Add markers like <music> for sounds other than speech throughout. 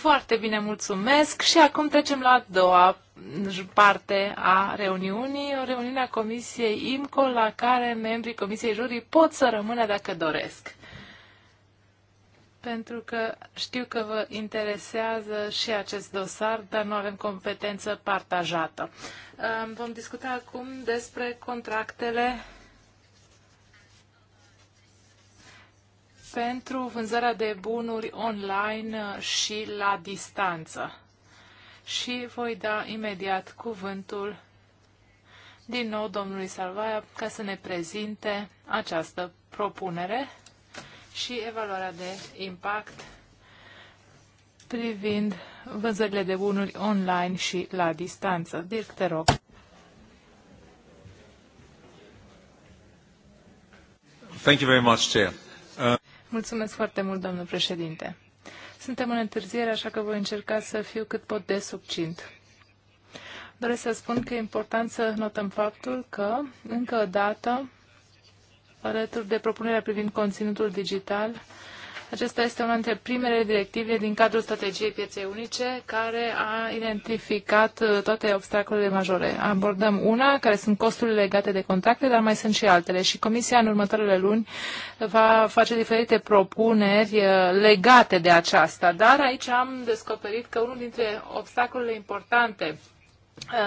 Foarte bine, mulțumesc. Și acum trecem la a doua parte a reuniunii, o reuniune a Comisiei IMCO, la care membrii Comisiei Jurii pot să rămână dacă doresc. Pentru că știu că vă interesează și acest dosar, dar nu avem competență partajată. Vom discuta acum despre contractele pentru vânzarea de bunuri online uh, și la distanță. Și voi da imediat cuvântul din nou domnului Salvaia ca să ne prezinte această propunere și evaluarea de impact privind vânzările de bunuri online și la distanță. Dirk, te rog. Thank you very much, Chair. Uh... Mulțumesc foarte mult, doamnă președinte. Suntem în întârziere, așa că voi încerca să fiu cât pot de succint. Doresc să spun că e important să notăm faptul că, încă o dată, alături de propunerea privind conținutul digital, acesta este una dintre primele directive din cadrul strategiei pieței unice care a identificat uh, toate obstacolele majore. Abordăm una, care sunt costurile legate de contracte, dar mai sunt și altele. Și Comisia în următoarele luni va face diferite propuneri uh, legate de aceasta. Dar aici am descoperit că unul dintre obstacolele importante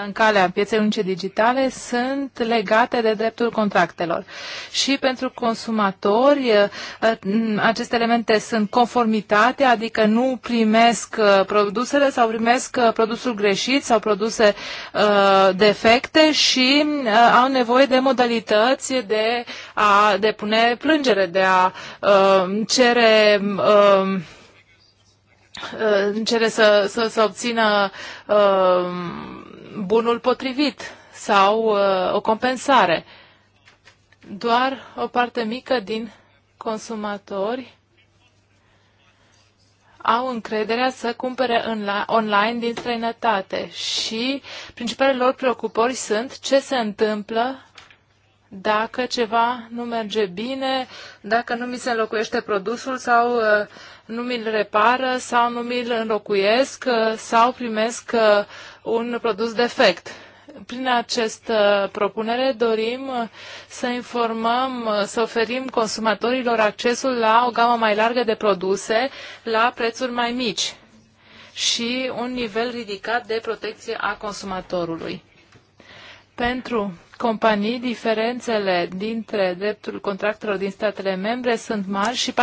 în calea pieței unice digitale sunt legate de dreptul contractelor. Și pentru consumatori, eh, aceste elemente sunt conformitate, adică nu primesc eh, produsele sau primesc eh, produsul greșit sau produse defecte și au nevoie de modalități de a depune plângere, de a cere cere să, să, să obțină uh, bunul potrivit sau uh, o compensare. Doar o parte mică din consumatori au încrederea să cumpere online din străinătate și principalele lor preocupări sunt ce se întâmplă dacă ceva nu merge bine, dacă nu mi se înlocuiește produsul sau uh, nu mi-l repară sau nu mi-l înlocuiesc uh, sau primesc un produs defect. Prin această propunere dorim uh, să informăm, uh, să oferim consumatorilor accesul la o gamă mai largă de produse la prețuri mai mici și un nivel ridicat de protecție a consumatorului. Pentru companii, diferențele dintre dreptul contractelor din statele membre sunt mari și 40%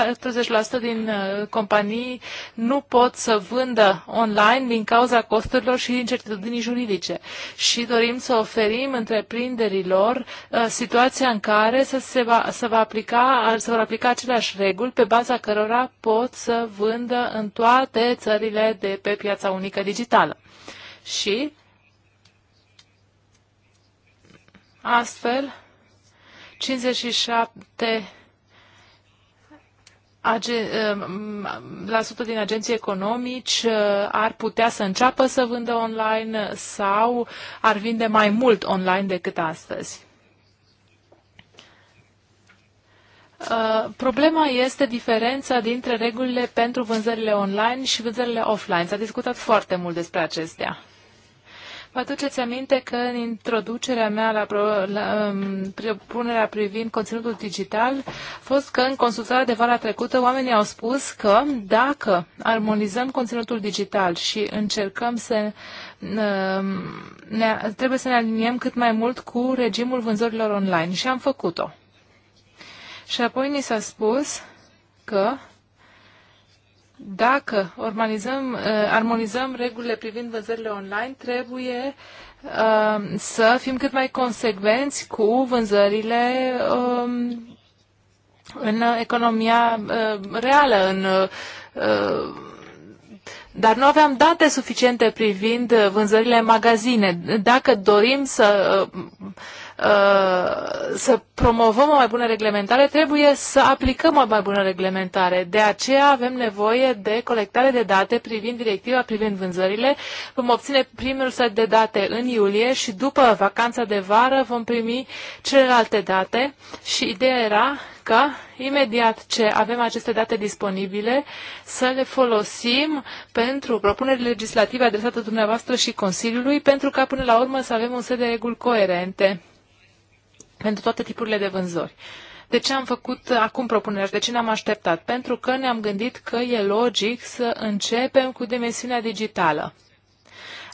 din uh, companii nu pot să vândă online din cauza costurilor și incertitudinii juridice. Și dorim să oferim întreprinderilor uh, situația în care să se va, să va aplica, să vor aplica aceleași reguli pe baza cărora pot să vândă în toate țările de pe piața unică digitală. Și Astfel, 57 eh, la sută din agenții economici eh, ar putea să înceapă să vândă online sau ar vinde mai mult online decât astăzi. Eh, problema este diferența dintre regulile pentru vânzările online și vânzările offline. S-a discutat foarte mult despre acestea. Vă aduceți aminte că în introducerea mea la, pro, la um, propunerea privind conținutul digital a fost că în consultarea de vara trecută oamenii au spus că dacă armonizăm conținutul digital și încercăm să um, ne, trebuie să ne aliniem cât mai mult cu regimul vânzărilor online și am făcut-o. Și apoi ni s-a spus că dacă organizăm, uh, armonizăm regulile privind vânzările online, trebuie uh, să fim cât mai consecvenți cu vânzările um, în economia uh, reală, în dar nu aveam date suficiente privind vânzările în magazine. Dacă dorim să Uh, să promovăm o mai bună reglementare, trebuie să aplicăm o mai bună reglementare. De aceea avem nevoie de colectare de date privind directiva, privind vânzările. Vom obține primul set de date în iulie și după vacanța de vară vom primi celelalte date și ideea era că imediat ce avem aceste date disponibile să le folosim pentru propuneri legislative adresate dumneavoastră și Consiliului pentru ca până la urmă să avem un set de reguli coerente pentru toate tipurile de vânzări. De ce am făcut acum propunerea și de ce ne-am așteptat? Pentru că ne-am gândit că e logic să începem cu dimensiunea digitală.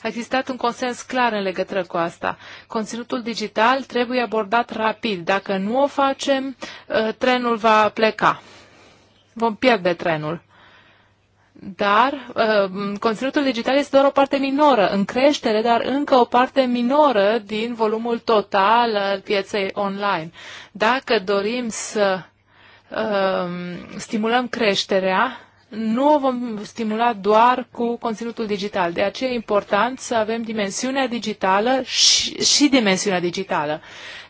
A existat un consens clar în legătură cu asta. Conținutul digital trebuie abordat rapid. Dacă nu o facem, uh, trenul va pleca. Vom pierde trenul dar uh, conținutul digital este doar o parte minoră, în creștere, dar încă o parte minoră din volumul total al pieței online. Dacă dorim să uh, stimulăm creșterea, nu o vom stimula doar cu conținutul digital. De aceea e important să avem dimensiunea digitală și, și dimensiunea digitală.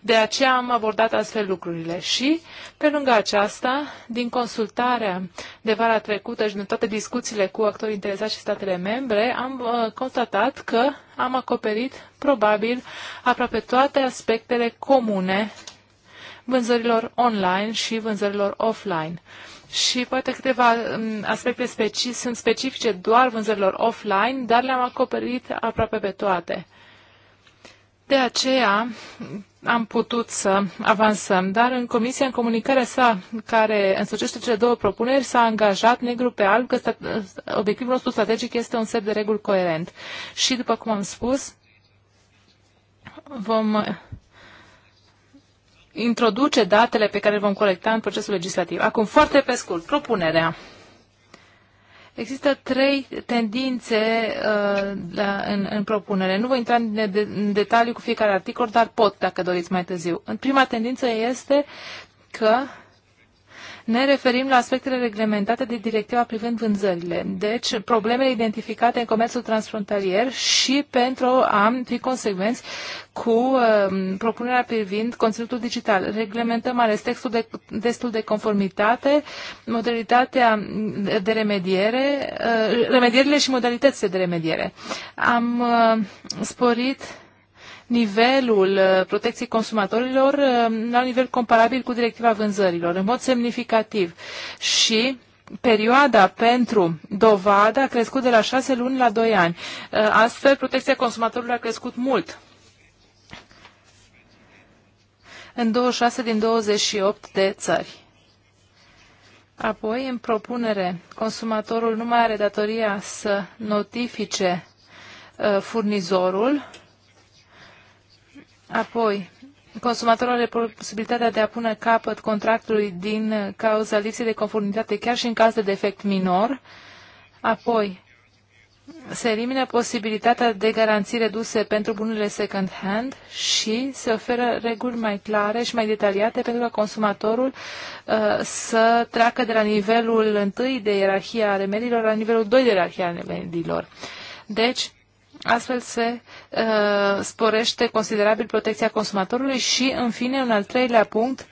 De aceea am abordat astfel lucrurile și, pe lângă aceasta, din consultarea de vara trecută și din toate discuțiile cu actorii interesați și statele membre, am uh, constatat că am acoperit probabil aproape toate aspectele comune vânzărilor online și vânzărilor offline. Și poate câteva um, aspecte speci- sunt specifice doar vânzărilor offline, dar le-am acoperit aproape pe toate. De aceea, am putut să avansăm, dar în comisia, în comunicarea sa, care însușește cele două propuneri, s-a angajat negru pe alb că obiectivul nostru strategic este un set de reguli coerent. Și, după cum am spus, vom introduce datele pe care le vom colecta în procesul legislativ. Acum, foarte pe scurt, propunerea. Există trei tendințe uh, la, în, în propunere. Nu voi intra în, de, în detaliu cu fiecare articol, dar pot dacă doriți mai târziu. În Prima tendință este că ne referim la aspectele reglementate de directiva privind vânzările, deci problemele identificate în comerțul transfrontalier și pentru a fi consecvenți cu uh, propunerea privind conținutul digital. Reglementăm ales textul de, destul de conformitate, modalitatea de remediere, uh, remedierile și modalitățile de remediere. Am uh, sporit nivelul uh, protecției consumatorilor uh, la un nivel comparabil cu directiva vânzărilor, în mod semnificativ. Și perioada pentru dovadă a crescut de la 6 luni la 2 ani. Uh, astfel, protecția consumatorilor a crescut mult. În 26 din 28 de țări. Apoi, în propunere, consumatorul nu mai are datoria să notifice furnizorul Apoi, consumatorul are posibilitatea de a pune capăt contractului din cauza lipsei de conformitate, chiar și în caz de defect minor. Apoi, se elimină posibilitatea de garanții reduse pentru bunurile second-hand și se oferă reguli mai clare și mai detaliate pentru ca consumatorul uh, să treacă de la nivelul 1 de ierarhia remediilor la nivelul 2 de ierarhia remediilor. Deci, Astfel se uh, sporește considerabil protecția consumatorului și, în fine, un al treilea punct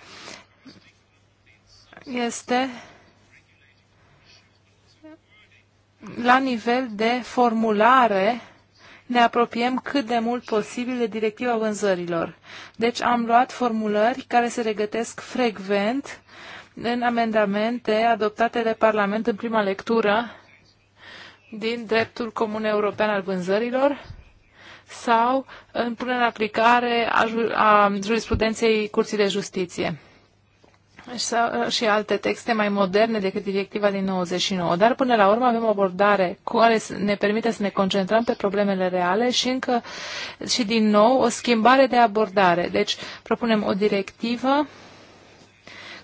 este la nivel de formulare ne apropiem cât de mult posibil de directiva vânzărilor. Deci am luat formulări care se regătesc frecvent în amendamente adoptate de Parlament în prima lectură din dreptul comun european al vânzărilor sau în punerea în aplicare a, a jurisprudenței Curții de Justiție și alte texte mai moderne decât directiva din 99. Dar până la urmă avem o abordare care ne permite să ne concentrăm pe problemele reale și încă și din nou o schimbare de abordare. Deci propunem o directivă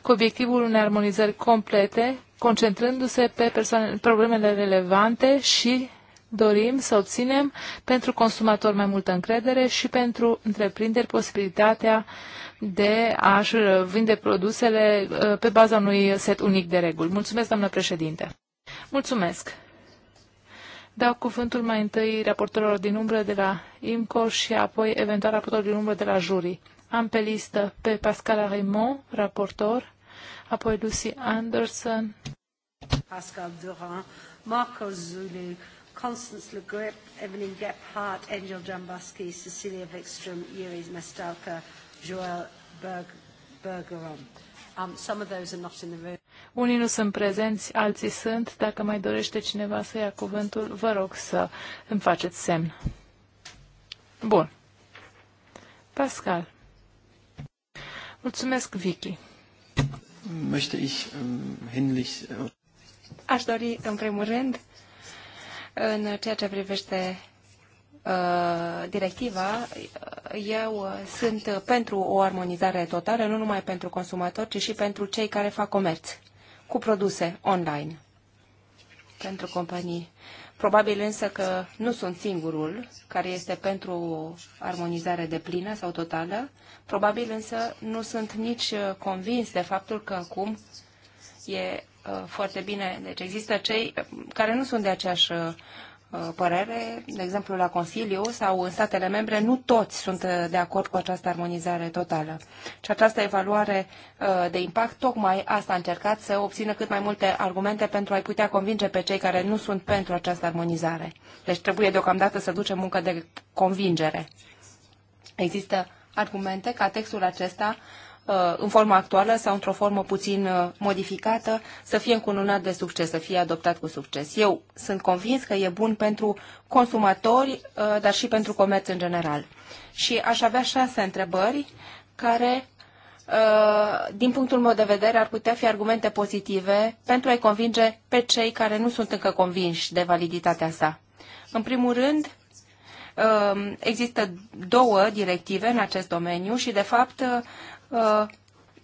cu obiectivul unei armonizări complete, concentrându-se pe persoane, problemele relevante și dorim să obținem pentru consumator mai multă încredere și pentru întreprinderi posibilitatea de a-și vinde produsele uh, pe baza unui set unic de reguli. Mulțumesc, doamnă președinte. Mulțumesc. Dau cuvântul mai întâi raportorilor din umbră de la IMCO și apoi eventual raportorilor din umbră de la jurii. Am pe listă pe Pascal Raymond, raportor, apoi Lucy Anderson, Pascal Durand, Marco Zulu, Constance Le Grip, Evelyn Gephardt, Angel Jambaski, Cecilia Wikström, Yuri Mestalka, Joel Berg Bergeron. Um, some of those are not in the room. Unii nu sunt prezenți, alții sunt. Dacă mai dorește cineva să ia cuvântul, vă rog să îmi faceți semn. Bun. Pascal. Mulțumesc, Vicky. Möchte ich, ähm, hinlich... Äh, Aș dori, în primul rând, în ceea ce privește uh, directiva, eu sunt pentru o armonizare totală, nu numai pentru consumatori, ci și pentru cei care fac comerț cu produse online pentru companii. Probabil însă că nu sunt singurul care este pentru o armonizare de plină sau totală. Probabil însă nu sunt nici uh, convins de faptul că acum e uh, foarte bine. Deci există cei uh, care nu sunt de aceeași Uh, părere, de exemplu la Consiliu sau în statele membre, nu toți sunt uh, de acord cu această armonizare totală. Și această evaluare uh, de impact, tocmai asta a încercat să obțină cât mai multe argumente pentru a-i putea convinge pe cei care nu sunt pentru această armonizare. Deci trebuie deocamdată să ducem muncă de convingere. Există argumente ca textul acesta Uh, în forma actuală sau într-o formă puțin uh, modificată, să fie încununat de succes, să fie adoptat cu succes. Eu sunt convins că e bun pentru consumatori, uh, dar și pentru comerț în general. Și aș avea șase întrebări care, din punctul meu de vedere, ar putea fi argumente pozitive pentru a-i convinge pe cei care nu sunt încă convinși de validitatea sa. În primul rând, există două directive în acest domeniu și, de fapt, Uh,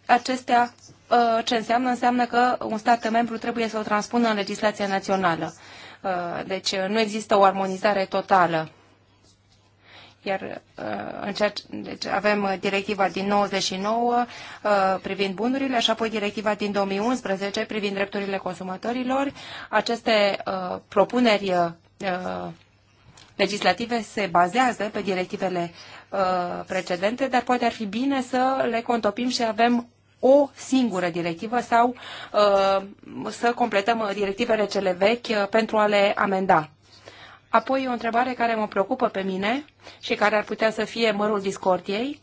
acestea uh, ce înseamnă? Înseamnă că un stat membru trebuie să o transpună în legislația națională. Uh, deci nu există o armonizare totală. Iar în ceea ce, deci avem directiva din 99 privind bunurile și apoi directiva din 2011 privind drepturile consumatorilor. Aceste propuneri legislative se bazează pe directivele Uh, precedente, dar poate ar fi bine să le contopim și avem o singură directivă sau uh, să completăm directivele cele vechi uh, pentru a le amenda. Apoi o întrebare care mă preocupă pe mine și care ar putea să fie mărul discordiei,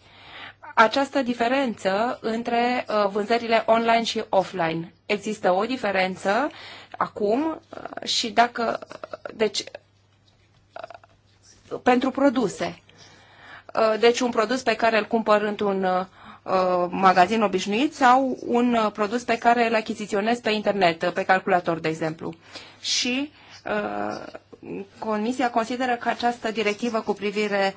această diferență între vânzările online și offline. Există o diferență acum și dacă, deci, pentru produse. Uh, deci un produs pe care îl cumpăr într-un uh, uh, magazin obișnuit sau un produs pe care îl achiziționez pe internet, pe calculator, de exemplu. Și Comisia consideră că această directivă cu privire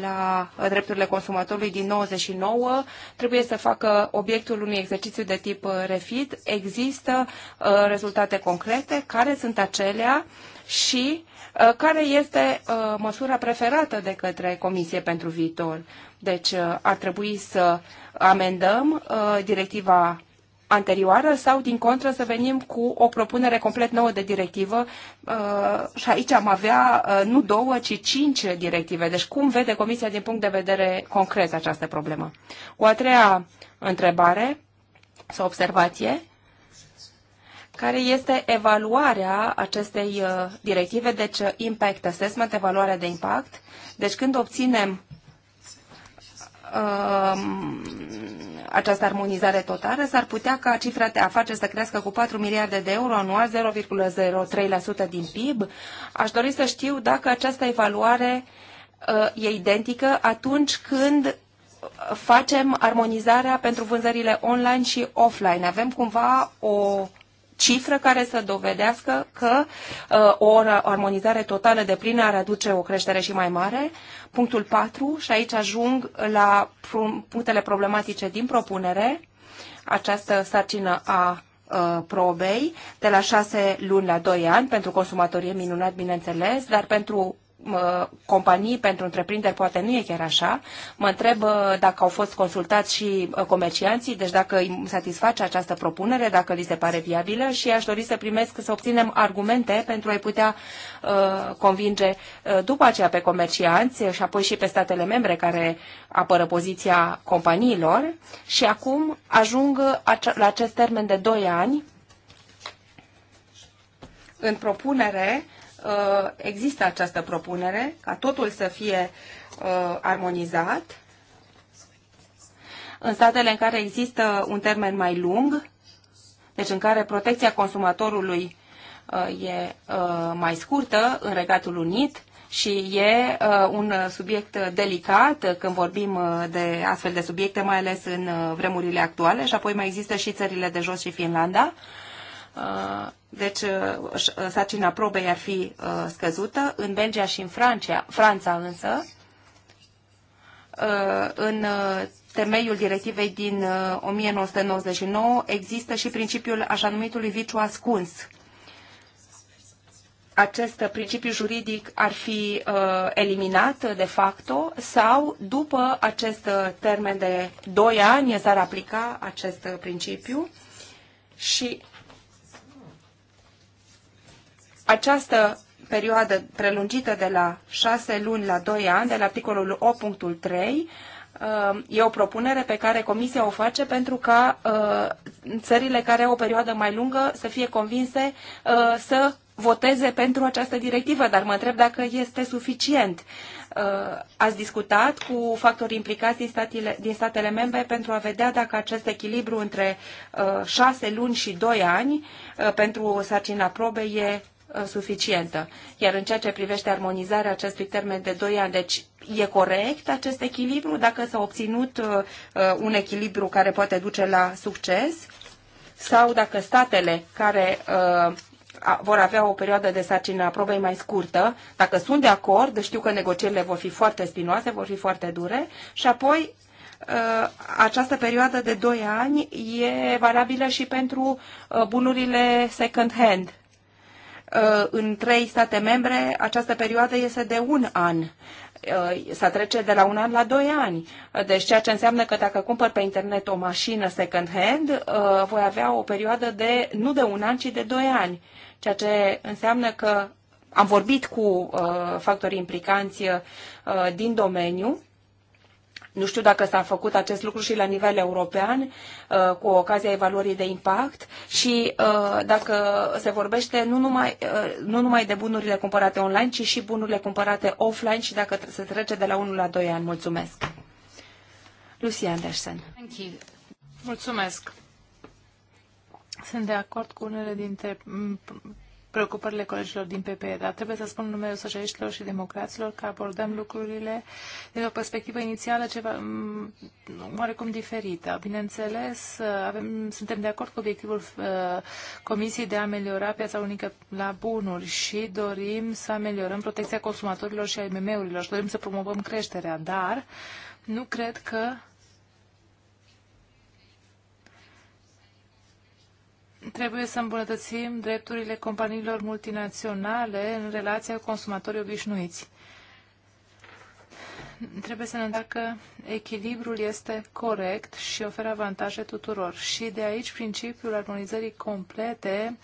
la drepturile consumatorului din 99 trebuie să facă obiectul unui exercițiu de tip refit. Există rezultate concrete care sunt acelea și uh, care este uh, măsura preferată de către Comisie pentru viitor. Deci uh, ar trebui să amendăm directiva anterioară sau, din contră, să venim cu o propunere complet nouă de directivă și aici am avea nu două, ci cinci directive. Deci cum vede Comisia din punct de vedere concret această problemă? O a treia întrebare sau observație care este evaluarea acestei uh, directive, deci uh, impact assessment, evaluarea de impact. Deci când obținem um, această armonizare totală, s-ar putea ca cifra de afaceri să crească cu 4 miliarde de euro anual, 0,03% din PIB. Aș dori să știu dacă această evaluare uh, e identică atunci când facem armonizarea pentru vânzările online și offline. Avem cumva o cifră care să dovedească că uh, o armonizare totală de plină ar aduce o creștere și mai mare. Punctul 4, și aici ajung la punctele problematice din propunere, această sarcină a uh, probei de la 6 luni la 2 ani pentru consumatorie minunat, bineînțeles, dar pentru companii, pentru întreprinderi, poate nu e chiar așa. Mă întreb uh, dacă au fost consultați și uh, comercianții, deci dacă îi satisface această propunere, dacă li se pare viabilă și aș dori să primesc, să obținem argumente pentru a-i putea uh, convinge după aceea pe comercianți și apoi și pe statele membre care apără poziția companiilor și acum ajung la acest termen de 2 ani în propunere Uh, există această propunere ca totul să fie uh, armonizat. În statele în care există un termen mai lung, deci în care protecția consumatorului uh, e mai scurtă, în Regatul Unit, și e un subiect delicat când vorbim de astfel de subiecte, mai ales în vremurile actuale și apoi mai există și țările de jos și Finlanda. Uh, deci uh, uh, sarcina probei ar fi scăzută. În Belgia și în Francia, Franța însă, în temeiul directivei din 1999 există și principiul așa numitului viciu ascuns. Acest principiu juridic ar fi uh, eliminat de facto sau după acest termen de 2 ani s-ar aplica acest principiu și această perioadă prelungită de la 6 luni la 2 ani, de la articolul 8.3, uh, e o propunere pe care Comisia o face pentru ca uh, țările care au o perioadă mai lungă să fie convinse uh, să voteze pentru această directivă, dar mă întreb dacă este suficient. Ați discutat cu factorii implicați din statele, din statele membre pentru a vedea dacă acest echilibru între șase luni și doi ani pentru sarcina probe e Uh, suficientă. Iar în ceea ce privește armonizarea acestui termen de 2 ani, deci e corect acest echilibru dacă s-a obținut uh, uh, un echilibru care poate duce la succes sau dacă statele care vor avea o perioadă de sarcină a probei mai scurtă, dacă sunt de acord, știu că negocierile vor fi foarte spinoase, vor fi foarte dure și apoi această perioadă de 2 ani e valabilă și pentru bunurile second hand, Uh, în trei state membre această perioadă este de un an uh, să trece de la un an la doi ani. Uh, deci ceea ce înseamnă că dacă cumpăr pe internet o mașină second hand, voi avea o perioadă de nu de un an, ci de doi ani. Ceea ce înseamnă că am vorbit cu factorii implicanți din domeniu nu știu dacă s-a făcut acest lucru și la nivel european, uh, cu ocazia evaluării de impact și uh, dacă se vorbește nu numai, uh, nu numai de bunurile cumpărate online, ci și bunurile cumpărate offline și dacă se trece de la 1 la 2 ani. Mulțumesc. Lucy Anderson. Thank you. Mulțumesc. Sunt de acord cu unele dintre preocupările colegilor din PPE, dar trebuie să spun numele socialiștilor și democraților că abordăm lucrurile din o perspectivă inițială ceva mm, oarecum diferită. Bineînțeles, avem, suntem de acord cu obiectivul uh, Comisiei de a ameliora piața unică la bunuri și dorim să ameliorăm protecția consumatorilor și a IMM-urilor și dorim să promovăm creșterea, dar nu cred că trebuie să îmbunătățim drepturile companiilor multinaționale în relația cu consumatorii obișnuiți. Trebuie să ne întrebăm dacă echilibrul este corect și oferă avantaje tuturor. Și de aici principiul armonizării complete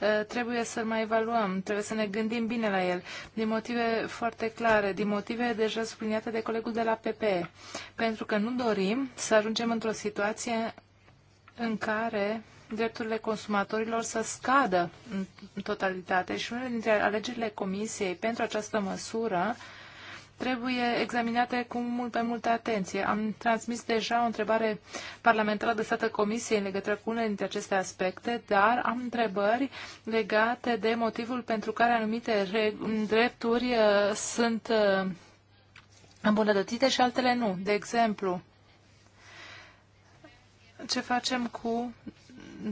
ă, trebuie să-l mai evaluăm, trebuie să ne gândim bine la el, din motive foarte clare, din motive deja subliniate de colegul de la PPE, pentru că nu dorim să ajungem într-o situație în care drepturile consumatorilor să scadă în totalitate și unele dintre alegerile Comisiei pentru această măsură trebuie examinate cu mult mai multă atenție. Am transmis deja o întrebare parlamentară adresată Comisiei în legătură cu unele dintre aceste aspecte, dar am întrebări legate de motivul pentru care anumite drepturi uh, sunt uh, îmbunătățite și altele nu. De exemplu, ce facem cu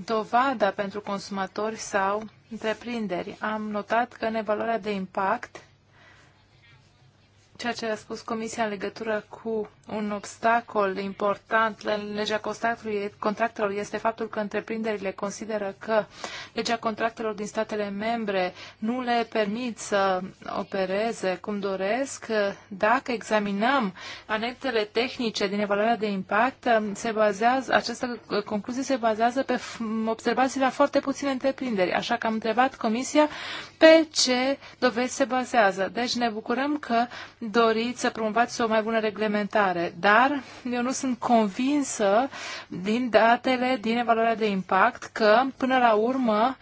dovada pentru consumatori sau întreprinderi. Am notat că în evaluarea de impact ceea ce a spus Comisia în legătură cu un obstacol important la legea contractelor este faptul că întreprinderile consideră că legea contractelor din statele membre nu le permit să opereze cum doresc. Dacă examinăm anectele tehnice din evaluarea de impact, se bazează, această concluzie se bazează pe observații la foarte puține întreprinderi. Așa că am întrebat Comisia pe ce dovezi se bazează. Deci ne bucurăm că dorit să promovați o mai bună reglementare, dar eu nu sunt convinsă din datele din evaluarea de impact că, până la urmă,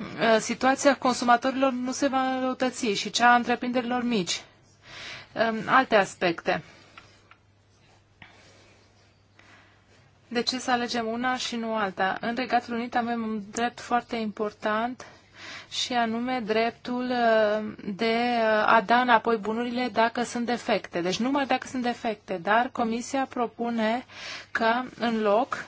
uh, situația consumatorilor nu se va înrăutăți și cea a întreprinderilor mici. Um, alte aspecte. De ce să alegem una și nu alta? În Regatul Unit avem un drept foarte important și anume dreptul uh, de uh, a da înapoi bunurile dacă sunt defecte. Deci numai dacă sunt defecte, dar Comisia propune ca în loc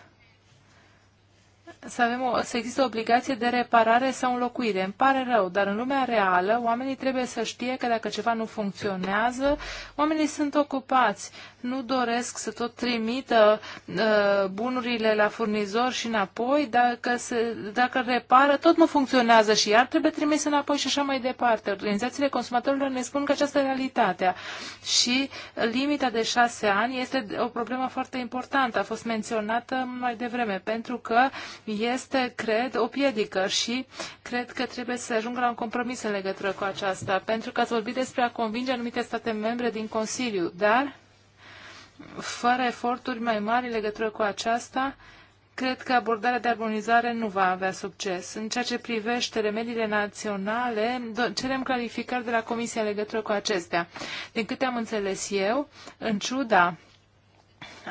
să, avem o, să există obligație de reparare sau înlocuire. Îmi pare rău, dar în lumea reală oamenii trebuie să știe că dacă ceva nu funcționează, oamenii sunt ocupați nu doresc să tot trimită uh, bunurile la furnizor și înapoi, dacă, se, dacă repară, tot nu funcționează și iar trebuie trimis înapoi și așa mai departe. Organizațiile consumatorilor ne spun că această e realitatea și limita de șase ani este o problemă foarte importantă, a fost menționată mai devreme, pentru că este, cred, o piedică și cred că trebuie să ajungă la un compromis în legătură cu aceasta, pentru că ați vorbit despre a convinge anumite state membre din Consiliu, dar fără eforturi mai mari în legătură cu aceasta, cred că abordarea de armonizare nu va avea succes. În ceea ce privește remediile naționale, cerem clarificări de la Comisia în legătură cu acestea. Din câte am înțeles eu, în ciuda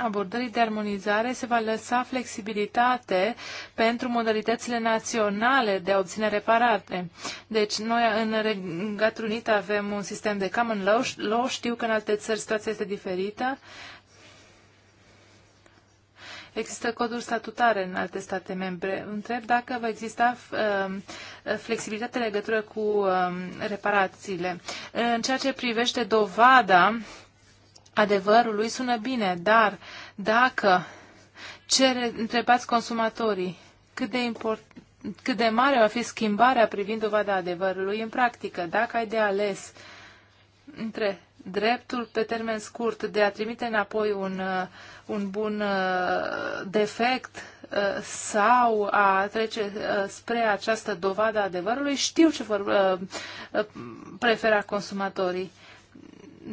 abordării de armonizare se va lăsa flexibilitate pentru modalitățile naționale de a obține reparate. Deci noi în Regatul Unit avem un sistem de common law, știu că în alte țări situația este diferită, Există coduri statutare în alte state membre. Întreb dacă va exista um, flexibilitate în legătură cu um, reparațiile. În ceea ce privește dovada adevărului, sună bine, dar dacă cere, întrebați consumatorii cât de important cât de mare va fi schimbarea privind dovada adevărului în practică, dacă ai de ales între dreptul pe termen scurt de a trimite înapoi un, uh, un bun uh, defect uh, sau a trece spre această dovadă a adevărului, știu ce vor prefera consumatorii.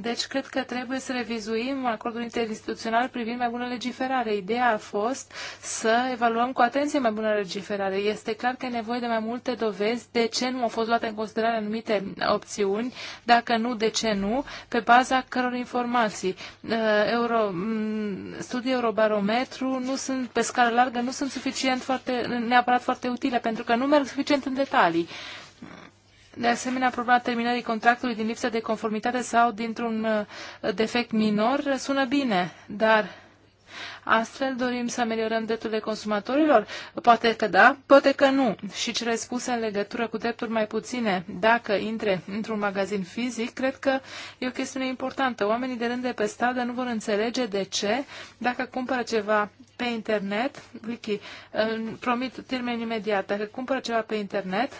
Deci, cred că trebuie să revizuim acordul interinstituțional privind mai bună legiferare. Ideea a fost să evaluăm cu atenție mai bună legiferare. Este clar că e nevoie de mai multe dovezi de ce nu au fost luate în considerare anumite opțiuni, dacă nu, de ce nu, pe baza căror informații. Uh, Euro, mm, studii Eurobarometru nu sunt, pe scară largă, nu sunt suficient foarte, neapărat foarte utile, pentru că nu merg suficient în detalii de asemenea, problema terminării contractului din lipsă de conformitate sau dintr-un uh, defect minor sună bine, dar astfel dorim să ameliorăm drepturile consumatorilor? Poate că da, poate că nu. Și cele spuse în legătură cu drepturi mai puține, dacă intre într-un magazin fizic, cred că e o chestiune importantă. Oamenii de rând de pe stradă nu vor înțelege de ce, dacă cumpără ceva pe internet, Vicky, promit termen imediat, dacă cumpără ceva pe internet,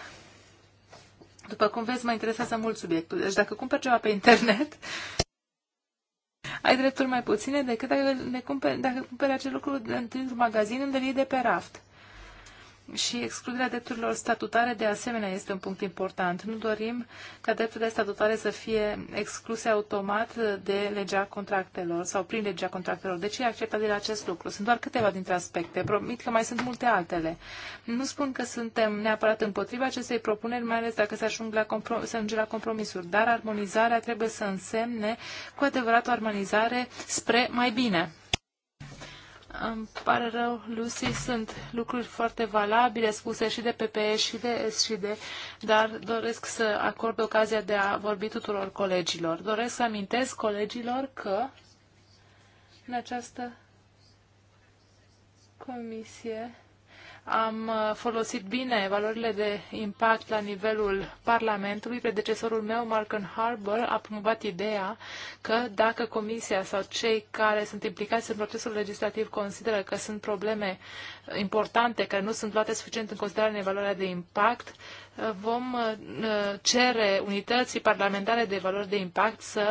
după cum vezi, mă interesează mult subiectul. Deci dacă cumperi ceva pe internet, ai drepturi mai puține decât dacă, ne cumperi, dacă cumperi acel lucru într-un magazin unde e de pe raft și excluderea drepturilor statutare de asemenea este un punct important. Nu dorim ca drepturile statutare să fie excluse automat de legea contractelor sau prin legea contractelor. De ce e acceptat la acest lucru? Sunt doar câteva dintre aspecte. Promit că mai sunt multe altele. Nu spun că suntem neapărat împotriva acestei propuneri, mai ales dacă se ajung la, comprom- se ajunge la compromisuri, dar armonizarea trebuie să însemne cu adevărat o armonizare spre mai bine. Îmi pare rău, Lucy, sunt lucruri foarte valabile spuse și de PPE și de SCD, dar doresc să acord ocazia de a vorbi tuturor colegilor. Doresc să amintesc colegilor că în această comisie am uh, folosit bine valorile de impact la nivelul Parlamentului. Predecesorul meu, Marken Harbour, a promovat ideea că dacă Comisia sau cei care sunt implicați în procesul legislativ consideră că sunt probleme importante care nu sunt luate suficient în considerare în evaluarea de impact, uh, vom uh, cere unității parlamentare de valori de impact să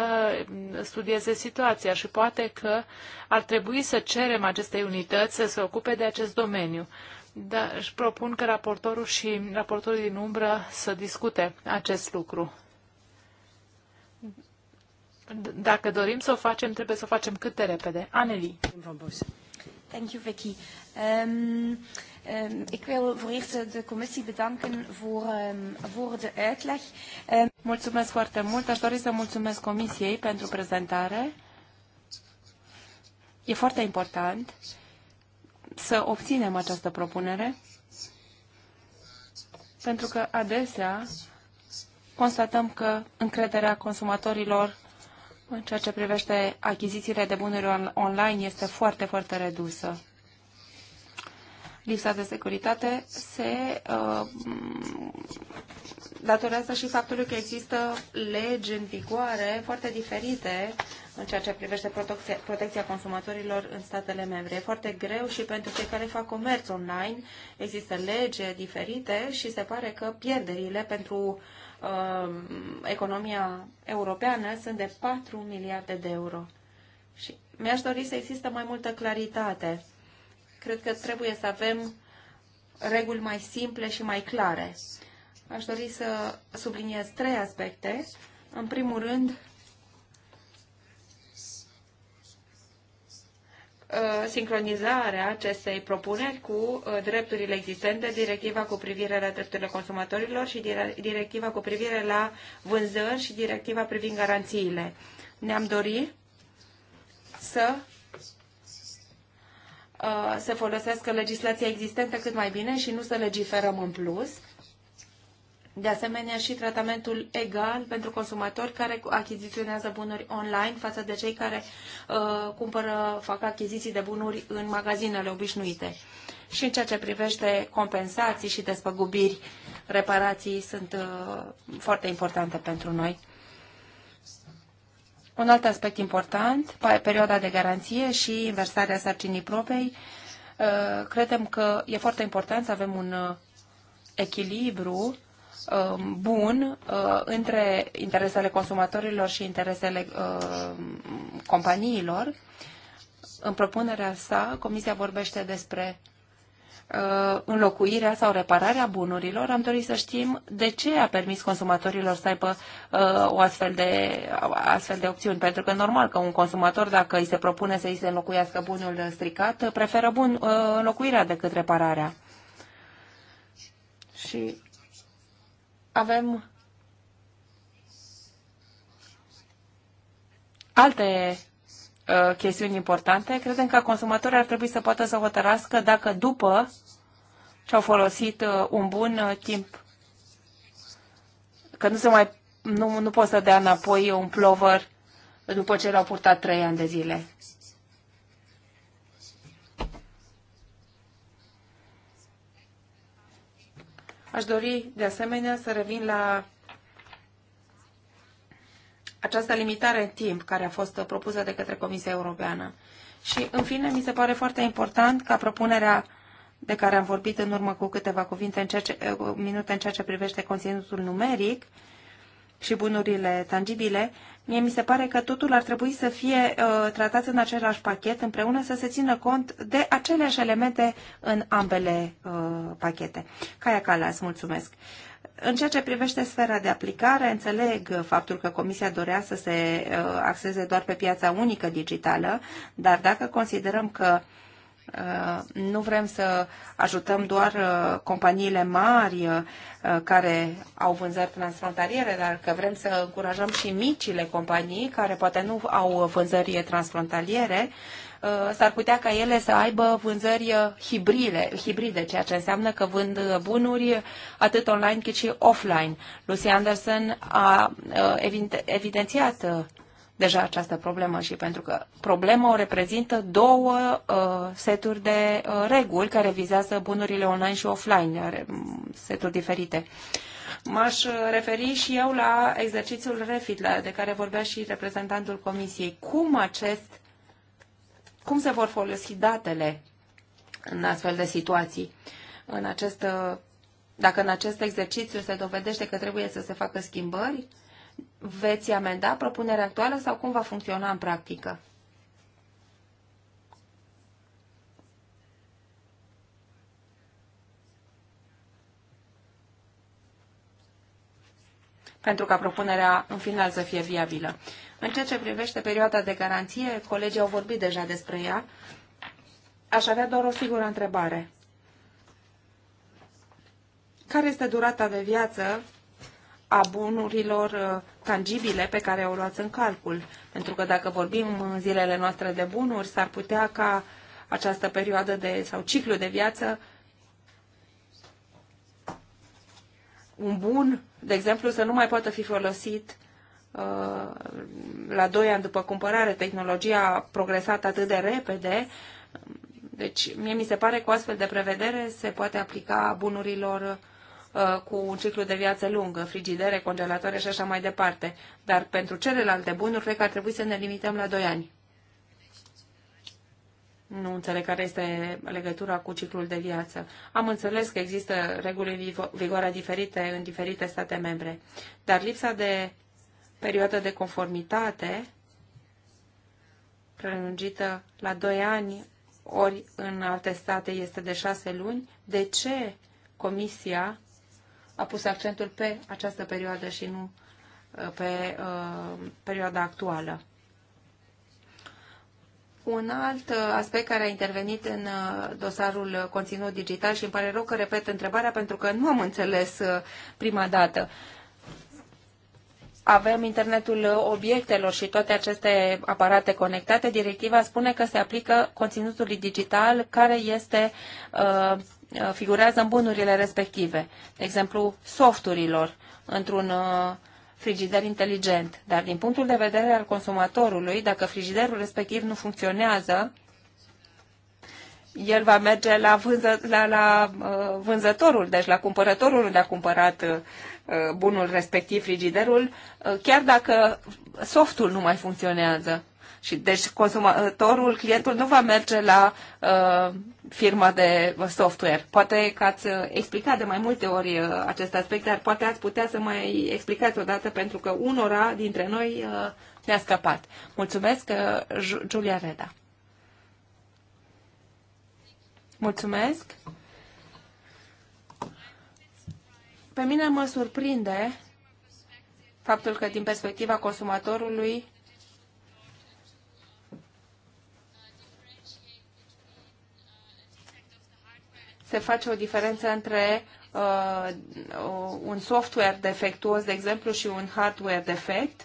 mm, studieze situația și poate că ar trebui să cerem acestei unități să se ocupe de acest domeniu da, își propun că raportorul și raportorul din umbră să discute acest lucru. Dacă dorim să o facem, trebuie să o facem cât de repede. Aneli. Thank you, Vicky. Um, um, ik wil voor eerst de commissie bedanken voor, um, voor de uitleg. Um, mulțumesc foarte mult. Aș dori să mulțumesc comisiei pentru prezentare. E foarte important să obținem această propunere, pentru că adesea constatăm că încrederea consumatorilor în ceea ce privește achizițiile de bunuri online este foarte, foarte redusă. Lipsa de securitate se uh, datorează și faptului că există legi în vigoare foarte diferite în ceea ce privește protecția, protecția consumatorilor în statele membre. E foarte greu și pentru cei care fac comerț online există legi diferite și se pare că pierderile pentru uh, economia europeană sunt de 4 miliarde de euro. Și mi-aș dori să există mai multă claritate cred că trebuie să avem reguli mai simple și mai clare. Aș dori să subliniez trei aspecte. În primul rând, ă, sincronizarea acestei propuneri cu ă, drepturile existente, directiva cu privire la drepturile consumatorilor și directiva cu privire la vânzări și directiva privind garanțiile. Ne-am dorit să Uh, să folosească legislația existentă cât mai bine și nu să legiferăm în plus. De asemenea, și tratamentul egal pentru consumatori care achiziționează bunuri online față de cei care uh, cumpără, fac achiziții de bunuri în magazinele obișnuite. Și în ceea ce privește compensații și despăgubiri, reparații sunt uh, foarte importante pentru noi. Un alt aspect important, perioada de garanție și inversarea sarcinii probei. Uh, credem că e foarte important să avem un uh, echilibru uh, bun între interesele consumatorilor și interesele companiilor. În propunerea sa, Comisia vorbește despre Uh, înlocuirea sau repararea bunurilor, am dorit să știm de ce a permis consumatorilor să aibă uh, o astfel de, astfel de opțiuni. Pentru că normal că un consumator, dacă îi se propune să îi se înlocuiască bunul stricat, preferă bun, uh, înlocuirea decât repararea. Și avem alte Uh, chestiuni importante, credem că consumatorii ar trebui să poată să hotărască dacă după ce au folosit uh, un bun uh, timp, că nu se mai nu, nu pot să dea înapoi un plover după ce l-au purtat trei ani de zile. Aș dori, de asemenea, să revin la această limitare în timp care a fost propusă de către Comisia Europeană. Și, în fine, mi se pare foarte important ca propunerea de care am vorbit în urmă cu câteva cuvinte în ceea ce, eh, minute în ceea ce privește conținutul numeric și bunurile tangibile, mie mi se pare că totul ar trebui să fie uh, tratat în același pachet, împreună să se țină cont de aceleași elemente în ambele uh, pachete. Caia Calas, mulțumesc. În ceea ce privește sfera de aplicare, înțeleg faptul că Comisia dorea să se uh, axeze doar pe piața unică digitală, dar dacă considerăm că uh, nu vrem să ajutăm doar uh, companiile mari care au vânzări transfrontaliere, dar că vrem să încurajăm și micile companii care poate nu au vânzări transfrontaliere Uh, s-ar putea ca ele să aibă vânzări uh, hibride, hibride, ceea ce înseamnă că vând uh, bunuri atât online cât și offline. Lucy Anderson a evidențiat deja această problemă și pentru că problema o reprezintă două uh, seturi de uh, reguli care vizează bunurile online și offline, seturi diferite. M-aș referi și eu la exercițiul REFIT, la, de care vorbea și reprezentantul Comisiei. Cum acest cum se vor folosi datele în astfel de situații. În acest, dacă în acest exercițiu se dovedește că trebuie să se facă schimbări, veți amenda propunerea actuală sau cum va funcționa în practică? pentru ca propunerea în final să fie viabilă. În ceea ce privește perioada de garanție, colegii au vorbit deja despre ea. Aș avea doar o singură întrebare. Care este durata de viață a bunurilor uh, tangibile pe care o luați în calcul? Pentru că dacă vorbim în zilele noastre de bunuri, s-ar putea ca această perioadă de, sau ciclu de viață un bun, de exemplu, să nu mai poată fi folosit Uh, la 2 ani după cumpărare, tehnologia a progresat atât de repede, deci mie mi se pare că o astfel de prevedere se poate aplica bunurilor uh, cu un ciclu de viață lungă, frigidere, congelatoare și așa mai departe. Dar pentru celelalte bunuri, cred că ar trebui să ne limităm la 2 ani. Nu înțeleg care este legătura cu ciclul de viață. Am înțeles că există reguli în vigoare diferite în diferite state membre, dar lipsa de perioadă de conformitate prelungită la 2 ani, ori în alte state este de 6 luni, de ce Comisia a pus accentul pe această perioadă și nu uh, pe uh, perioada actuală? Un alt uh, aspect care a intervenit în uh, dosarul conținut digital și îmi pare rău că repet întrebarea pentru că nu am înțeles prima dată avem internetul obiectelor și toate aceste aparate conectate, directiva spune că se aplică conținutului digital care este uh, figurează în bunurile respective, de exemplu softurilor într-un uh, frigider inteligent. Dar din punctul de vedere al consumatorului, dacă frigiderul respectiv nu funcționează, el va merge la, vânză, la, la uh, vânzătorul, deci la cumpărătorul unde a cumpărat uh, Uh, bunul respectiv, frigiderul, uh, chiar dacă softul nu mai funcționează. Și deci consumatorul, clientul nu va merge la uh, firma de software. Poate că ați uh, explicat de mai multe ori uh, acest aspect, dar poate ați putea să mai explicați odată pentru că unora dintre noi uh, ne-a scăpat. Mulțumesc, uh, Julia Reda. Mulțumesc. Pe mine mă surprinde faptul că din perspectiva consumatorului se face o diferență între uh, un software defectuos, de exemplu, și un hardware defect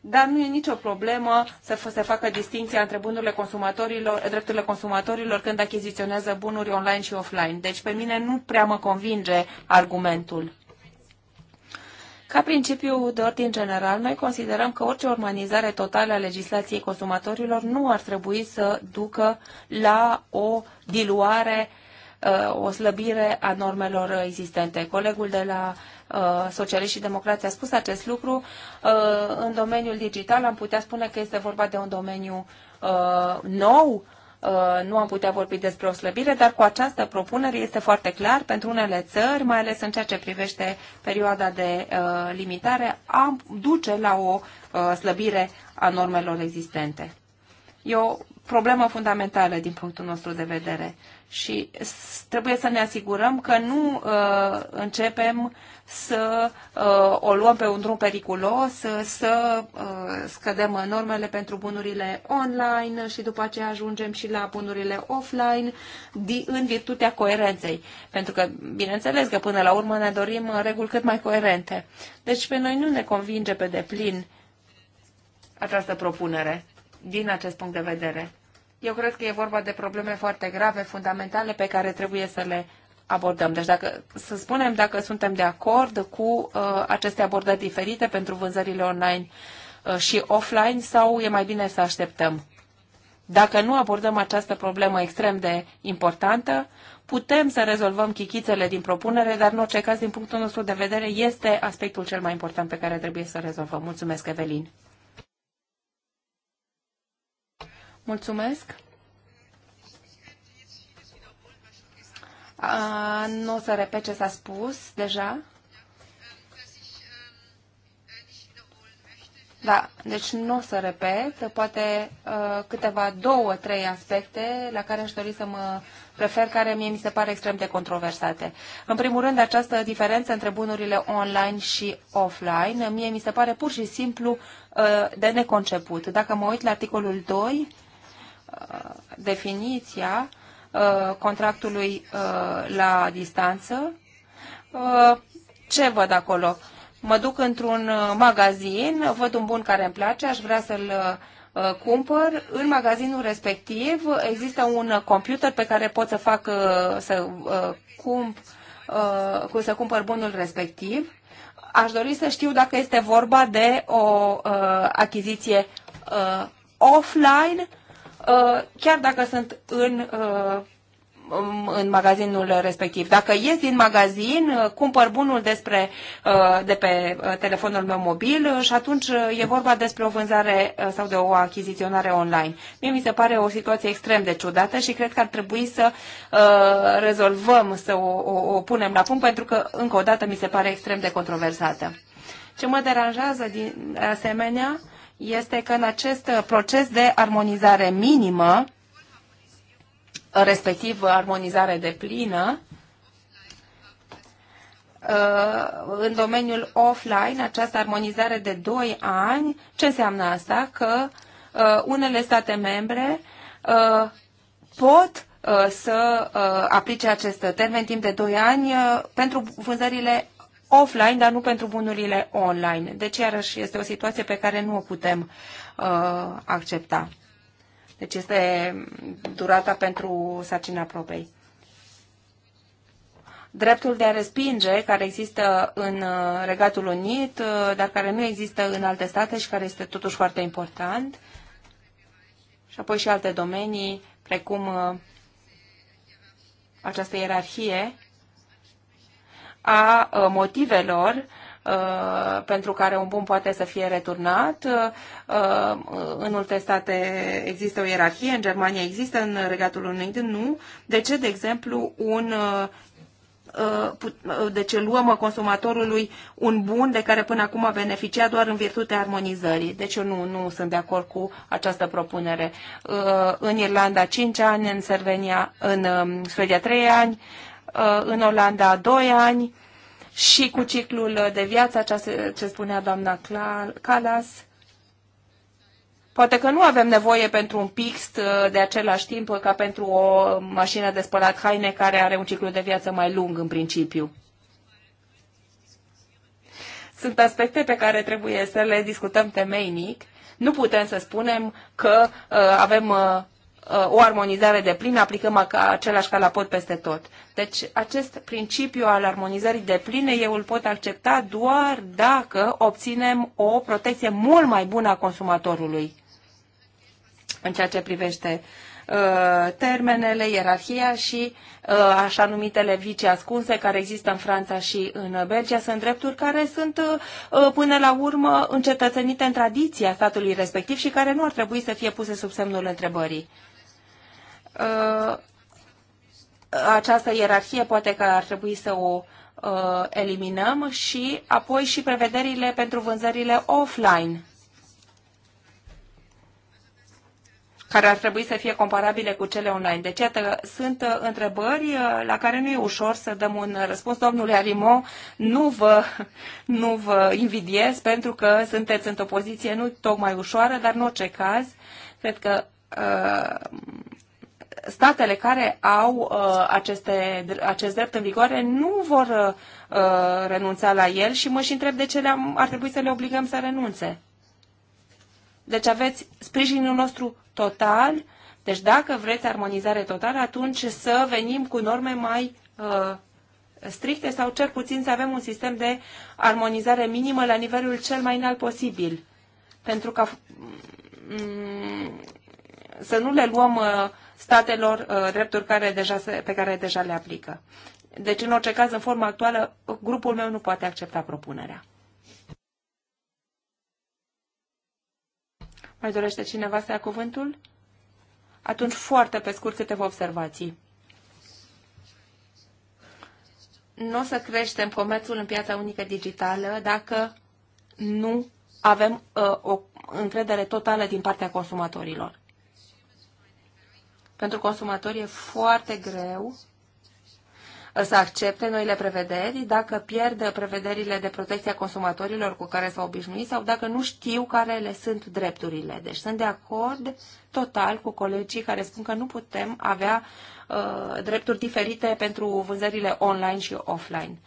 dar nu e nicio problemă să se facă distinția între bunurile consumatorilor, drepturile consumatorilor când achiziționează bunuri online și offline. Deci pe mine nu prea mă convinge argumentul. Ca principiu de ordin general, noi considerăm că orice urbanizare totală a legislației consumatorilor nu ar trebui să ducă la o diluare, uh, o slăbire a normelor existente. Colegul de la uh, Uh, socialiști și democrați a spus acest lucru, uh, în domeniul digital am putea spune că este vorba de un domeniu uh, nou, nu am putea vorbi despre o slăbire, dar cu această propunere este foarte clar pentru unele țări, mai ales în ceea ce privește perioada de limitare, am, duce la o slăbire a normelor existente. E o problemă fundamentală din punctul nostru de vedere și trebuie să ne asigurăm că nu uh, începem să uh, o luăm pe un drum periculos, să uh, scădem normele pentru bunurile online și după aceea ajungem și la bunurile offline di- în virtutea coerenței. Pentru că, bineînțeles că până la urmă ne dorim uh, reguli cât mai coerente. Deci pe noi nu ne convinge pe deplin această propunere din acest punct de vedere eu cred că e vorba de probleme foarte grave, fundamentale, pe care trebuie să le abordăm. Deci dacă, să spunem dacă suntem de acord cu uh, aceste abordări diferite pentru vânzările online uh, și offline sau e mai bine să așteptăm. Dacă nu abordăm această problemă extrem de importantă, putem să rezolvăm chichițele din propunere, dar în orice caz, din punctul nostru de vedere, este aspectul cel mai important pe care trebuie să rezolvăm. Mulțumesc, Evelin. Mulțumesc. Nu o să repet ce s-a spus deja. Da, deci nu o să repet, poate uh, câteva, două, trei aspecte la care aș dori să mă prefer care mie mi se pare extrem de controversate. În primul rând, această diferență între bunurile online și offline, mie mi se pare pur și simplu uh, de neconceput. Dacă mă uit la articolul 2, Uh, definiția uh, contractului uh, la distanță. Ce văd acolo? Mă duc într-un magazin, văd un bun care îmi place, aș vrea să-l cumpăr, în magazinul respectiv există un computer pe care pot să fac să cump să cumpăr bunul respectiv. Aș dori să știu dacă este vorba de o achiziție offline Uh, chiar dacă sunt în uh, în magazinul respectiv. Dacă ies din magazin, uh, cumpăr bunul despre, de pe telefonul meu mobil și atunci e vorba despre o vânzare sau de o achiziționare online. Mie mi se pare o situație extrem de ciudată și cred că ar trebui să rezolvăm, să o, o, o punem la punct, pentru că, încă o dată, mi se pare extrem de controversată. Ce mă deranjează, din asemenea, uh, este că în acest proces de armonizare minimă, respectiv armonizare de plină, uh, în domeniul offline, această armonizare de 2 ani, ce înseamnă asta? Că uh, unele state membre uh, pot să aplice acest termen timp de 2 ani pentru vânzările offline, dar nu pentru bunurile online. Deci, iarăși, este o situație pe care nu o putem uh, accepta. Deci este durata pentru sarcina probei. Dreptul de a respinge, care există în uh, Regatul Unit, uh, dar care nu există în alte state și care este totuși foarte important, și apoi și alte domenii, precum uh, această ierarhie a uh, motivelor uh, pentru care un bun poate să fie returnat. Uh, în multe state există o ierarhie, în Germania există, în Regatul Unit nu. De ce, de exemplu, un de ce luăm consumatorului un bun de care până acum a beneficiat doar în virtutea armonizării. Deci eu nu, nu sunt de acord cu această propunere. În Irlanda 5 ani, în Servenia, în um, Suedia 3 ani, Uh, în Olanda doi ani și cu ciclul de viață, ce spunea doamna Calas, Poate că nu avem nevoie pentru un pixt uh, de același timp ca pentru o mașină de spălat haine care are un ciclu de viață mai lung în principiu. Sunt aspecte pe care trebuie să le discutăm temeinic. Nu putem să spunem că uh, avem uh, Uh, o armonizare de plin, aplicăm același calapot peste tot. Deci acest principiu al armonizării de pline eu îl pot accepta doar dacă obținem o protecție mult mai bună a consumatorului în ceea ce privește uh, termenele, ierarhia și uh, așa numitele vicii ascunse care există în Franța și în Belgia sunt drepturi care sunt până la urmă încetățenite în tradiția statului respectiv și care nu ar trebui să fie puse sub semnul întrebării. Uh, această ierarhie poate că ar trebui să o uh, eliminăm și apoi și prevederile pentru vânzările offline care ar trebui să fie comparabile cu cele online. Deci, iată, sunt uh, întrebări la care nu e ușor să dăm un răspuns. Domnule Arimo, nu vă, <laughs> nu vă invidiez pentru că sunteți într-o poziție nu tocmai ușoară, dar în orice caz, cred că statele care au uh, aceste, acest drept în vigoare nu vor uh, renunța la el și mă și întreb de ce le-am, ar trebui să le obligăm să renunțe. Deci aveți sprijinul nostru total, deci dacă vreți armonizare totală, atunci să venim cu norme mai uh, stricte sau cel puțin să avem un sistem de armonizare minimă la nivelul cel mai înalt posibil. Pentru ca să nu le luăm uh, statelor uh, drepturi care deja se, pe care deja le aplică. Deci, în orice caz, în forma actuală, grupul meu nu poate accepta propunerea. Mai dorește cineva să ia cuvântul? Atunci, foarte pe scurt, câteva observații. Nu o să creștem comerțul în piața unică digitală dacă nu avem uh, o încredere totală din partea consumatorilor pentru consumatori e foarte greu uh, să accepte noile prevederi, dacă pierde prevederile de protecție a consumatorilor cu care s-au obișnuit sau dacă nu știu care le sunt drepturile. Deci sunt de acord total cu colegii care spun că nu putem avea uh, drepturi diferite pentru vânzările online și offline.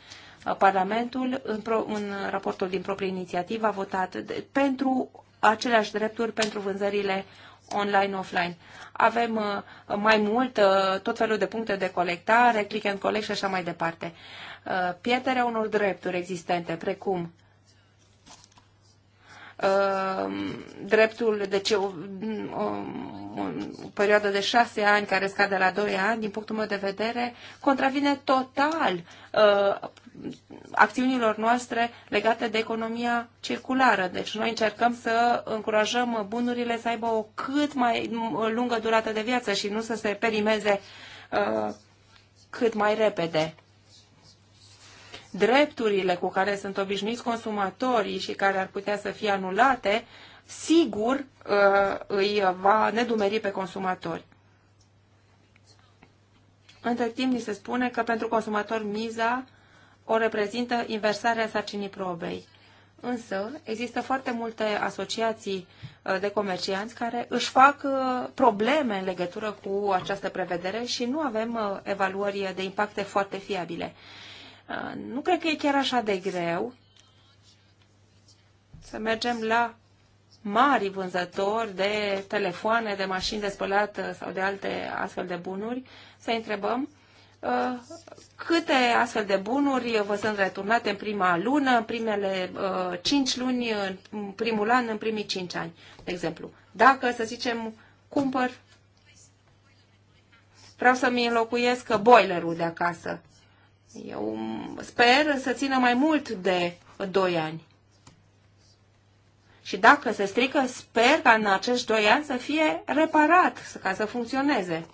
Uh, Parlamentul, în, pro, în raportul din proprie inițiativă, a votat de, pentru aceleași drepturi pentru vânzările online-offline. Avem uh, mai mult uh, tot felul de puncte de colectare, click and collect și așa mai departe. Uh, pierderea unor drepturi existente, precum Um, dreptul, deci o, o, um, o perioadă de șase ani care scade la doi ani, din punctul meu de vedere, contravine total uh, acțiunilor noastre legate de economia circulară. Deci noi încercăm să încurajăm bunurile să aibă o cât mai lungă durată de viață și nu să se perimeze uh, cât mai repede drepturile cu care sunt obișnuiți consumatorii și care ar putea să fie anulate, sigur uh, îi va nedumeri pe consumatori. Între timp, ni se spune că pentru consumator miza o reprezintă inversarea sarcinii probei. Însă, există foarte multe asociații uh, de comercianți care își fac uh, probleme în legătură cu această prevedere și nu avem evaluări de impacte foarte fiabile. Nu cred că e chiar așa de greu să mergem la mari vânzători de telefoane, de mașini de spălat uh, sau de alte astfel de bunuri, să întrebăm uh, câte astfel de bunuri vă sunt returnate în prima lună, în primele uh, cinci 5 luni, în primul an, în primii 5 ani, de exemplu. Dacă, să zicem, cumpăr, vreau să-mi înlocuiesc boilerul de acasă eu sper să țină mai mult de 2 ani. Și dacă se strică, sper ca în acești 2 ani să fie reparat, ca să funcționeze.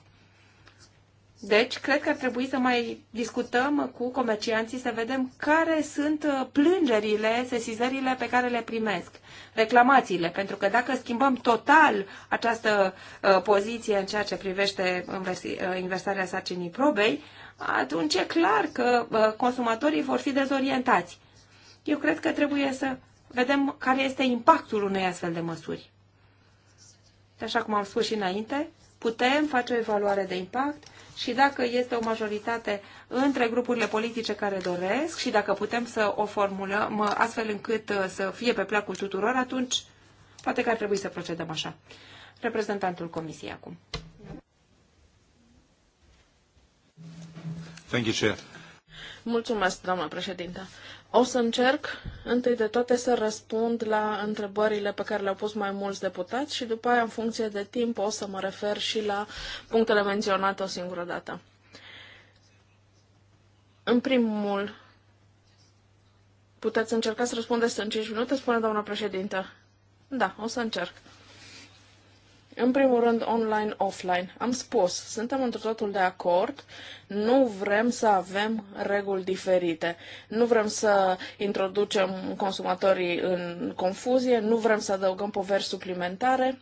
Deci, cred că ar trebui să mai discutăm cu comercianții să vedem care sunt uh, plângerile, sesizările pe care le primesc, reclamațiile, pentru că dacă schimbăm total această uh, poziție în ceea ce privește uh, inversarea sarcinii probei, atunci e clar că consumatorii vor fi dezorientați. Eu cred că trebuie să vedem care este impactul unei astfel de măsuri. Așa cum am spus și înainte, putem face o evaluare de impact și dacă este o majoritate între grupurile politice care doresc și dacă putem să o formulăm astfel încât uh, să fie pe placul tuturor, atunci poate că ar trebui să procedăm așa. Reprezentantul Comisiei acum. Thank you, Chair. Mulțumesc, doamnă președinte. O să încerc întâi de toate să răspund la întrebările pe care le-au pus mai mulți deputați și după aia, în funcție de timp, o să mă refer și la punctele menționate o singură dată. În primul, puteți încerca să răspundeți în 5 minute, spune doamna președintă. Da, o să încerc. În primul rând, online, offline. Am spus, suntem într totul de acord, nu vrem să avem reguli diferite. Nu vrem să introducem consumatorii în confuzie, nu vrem să adăugăm poveri suplimentare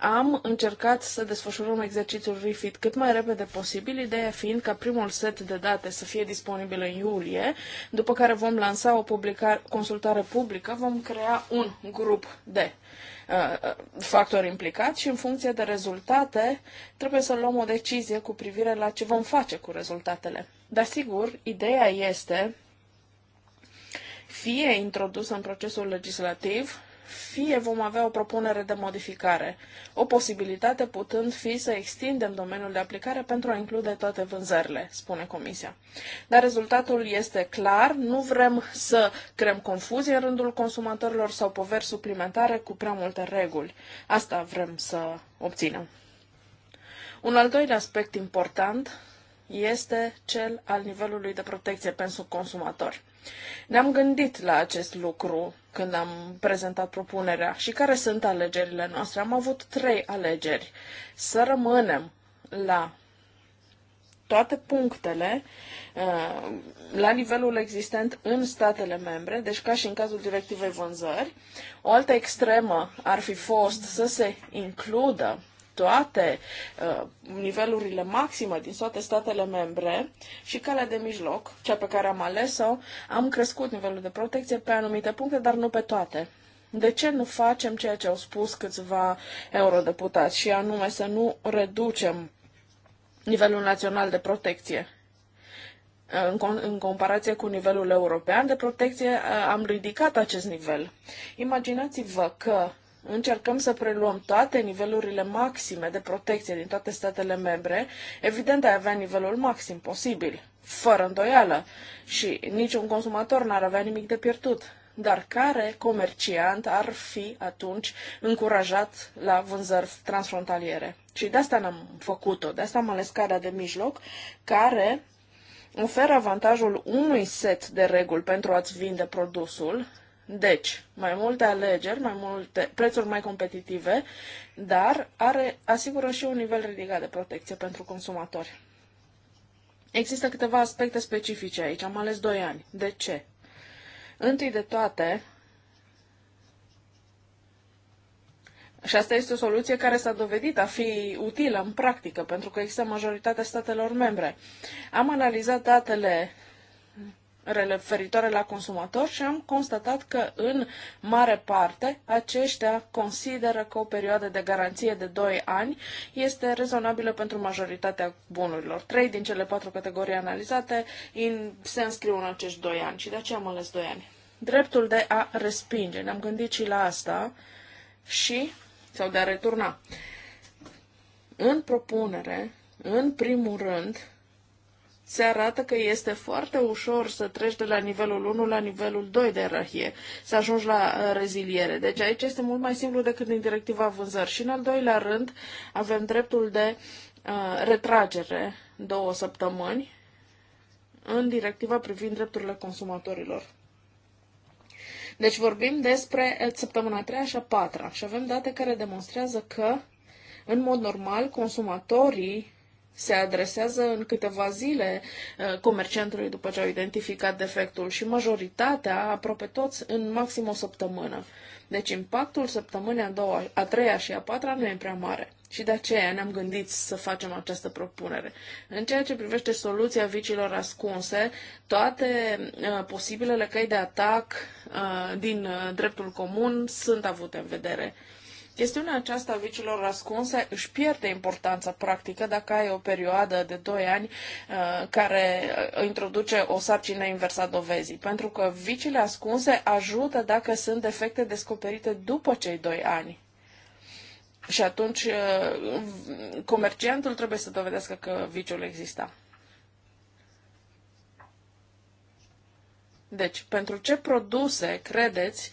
am încercat să desfășurăm exercițiul REFIT cât mai repede posibil, ideea fiind ca primul set de date să fie disponibil în iulie, după care vom lansa o publica- consultare publică, vom crea un grup de uh, uh, factori implicați și în funcție de rezultate trebuie să luăm o decizie cu privire la ce vom face cu rezultatele. Dar sigur, ideea este fie introdusă în procesul legislativ, fie vom avea o propunere de modificare, o posibilitate putând fi să extindem domeniul de aplicare pentru a include toate vânzările, spune Comisia. Dar rezultatul este clar, nu vrem să creăm confuzie în rândul consumatorilor sau poveri suplimentare cu prea multe reguli. Asta vrem să obținem. Un al doilea aspect important este cel al nivelului de protecție pentru consumatori. Ne-am gândit la acest lucru când am prezentat propunerea și care sunt alegerile noastre. Am avut trei alegeri. Să rămânem la toate punctele uh, la nivelul existent în statele membre, deci ca și în cazul directivei vânzări. O altă extremă ar fi fost să se includă toate uh, nivelurile maxime din toate statele membre și calea de mijloc, cea pe care am ales-o, am crescut nivelul de protecție pe anumite puncte, dar nu pe toate. De ce nu facem ceea ce au spus câțiva eurodeputați și anume să nu reducem nivelul național de protecție? Uh, în, comparație cu nivelul european de protecție, uh, am ridicat acest nivel. Imaginați-vă că Încercăm să preluăm toate nivelurile maxime de protecție din toate statele membre, evident ai avea nivelul maxim posibil, fără îndoială, și niciun consumator n-ar avea nimic de pierdut. Dar care comerciant ar fi atunci încurajat la vânzări transfrontaliere? Și de asta n-am făcut-o, de asta am ales calea de mijloc, care oferă avantajul unui set de reguli pentru a-ți vinde produsul, deci, mai multe alegeri, mai multe prețuri mai competitive, dar are, asigură și un nivel ridicat de protecție pentru consumatori. Există câteva aspecte specifice aici. Am ales 2 ani. De ce? Întâi de toate, și asta este o soluție care s-a dovedit a fi utilă în practică, pentru că există majoritatea statelor membre. Am analizat datele referitoare la consumator și am constatat că în mare parte aceștia consideră că o perioadă de garanție de 2 ani este rezonabilă pentru majoritatea bunurilor. 3 din cele 4 categorii analizate in, se înscriu în acești 2 ani și de aceea am ales 2 ani. Dreptul de a respinge. Ne-am gândit și la asta și sau de a returna. În propunere, în primul rând, se arată că este foarte ușor să treci de la nivelul 1 la nivelul 2 de ierarhie, să ajungi la uh, reziliere. Deci aici este mult mai simplu decât din directiva vânzări. Și în al doilea rând avem dreptul de uh, retragere două săptămâni în directiva privind drepturile consumatorilor. Deci vorbim despre uh, săptămâna 3 și a 4 și avem date care demonstrează că, în mod normal, consumatorii se adresează în câteva zile uh, comerciantului după ce au identificat defectul și majoritatea, aproape toți, în maxim o săptămână. Deci impactul săptămânii a, doua, a treia și a patra nu e prea mare. Și de aceea ne-am gândit să facem această propunere. În ceea ce privește soluția vicilor ascunse, toate uh, posibilele căi de atac uh, din uh, dreptul comun sunt avute în vedere. Uh, Chestiunea aceasta a viciilor ascunse își pierde importanța practică dacă ai o perioadă de 2 ani uh, care uh, introduce o sarcină inversă a dovezii, pentru că viciile ascunse ajută dacă sunt defecte descoperite după cei 2 ani. Și atunci uh, comerciantul trebuie să dovedească că viciul exista. Deci, pentru ce produse credeți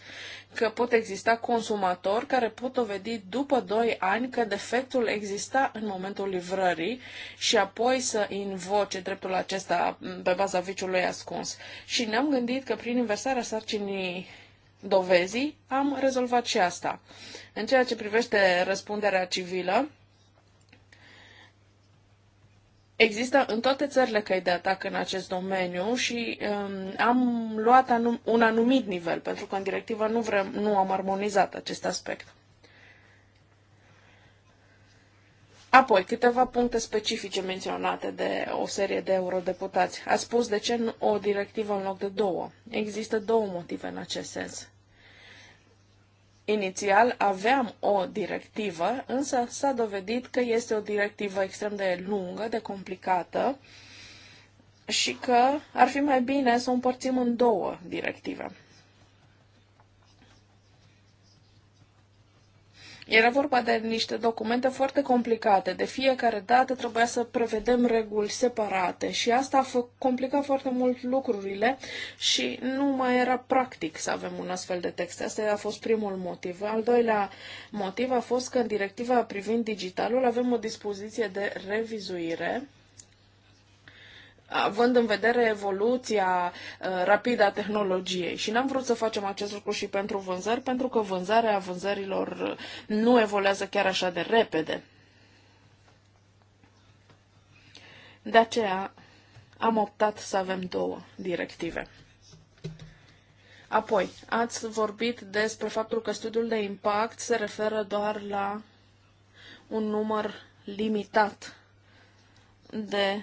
că pot exista consumatori care pot dovedi după 2 ani că defectul exista în momentul livrării și apoi să invoce dreptul acesta pe baza viciului ascuns. Și ne-am gândit că prin inversarea sarcinii dovezii am rezolvat și asta. În ceea ce privește răspunderea civilă, Există în toate țările căi de atac în acest domeniu și um, am luat anum, un anumit nivel, pentru că în directivă nu, vrem, nu am armonizat acest aspect. Apoi, câteva puncte specifice menționate de o serie de eurodeputați. A spus de ce nu o directivă în loc de două. Există două motive în acest sens. Inițial aveam o directivă, însă s-a dovedit că este o directivă extrem de lungă, de complicată și că ar fi mai bine să o împărțim în două directive. Era vorba de niște documente foarte complicate. De fiecare dată trebuia să prevedem reguli separate și asta a complicat foarte mult lucrurile și nu mai era practic să avem un astfel de text. Asta a fost primul motiv. Al doilea motiv a fost că în directiva privind digitalul avem o dispoziție de revizuire având în vedere evoluția uh, rapidă a tehnologiei. Și n-am vrut să facem acest lucru și pentru vânzări, pentru că vânzarea vânzărilor nu evoluează chiar așa de repede. De aceea am optat să avem două directive. Apoi, ați vorbit despre faptul că studiul de impact se referă doar la un număr limitat de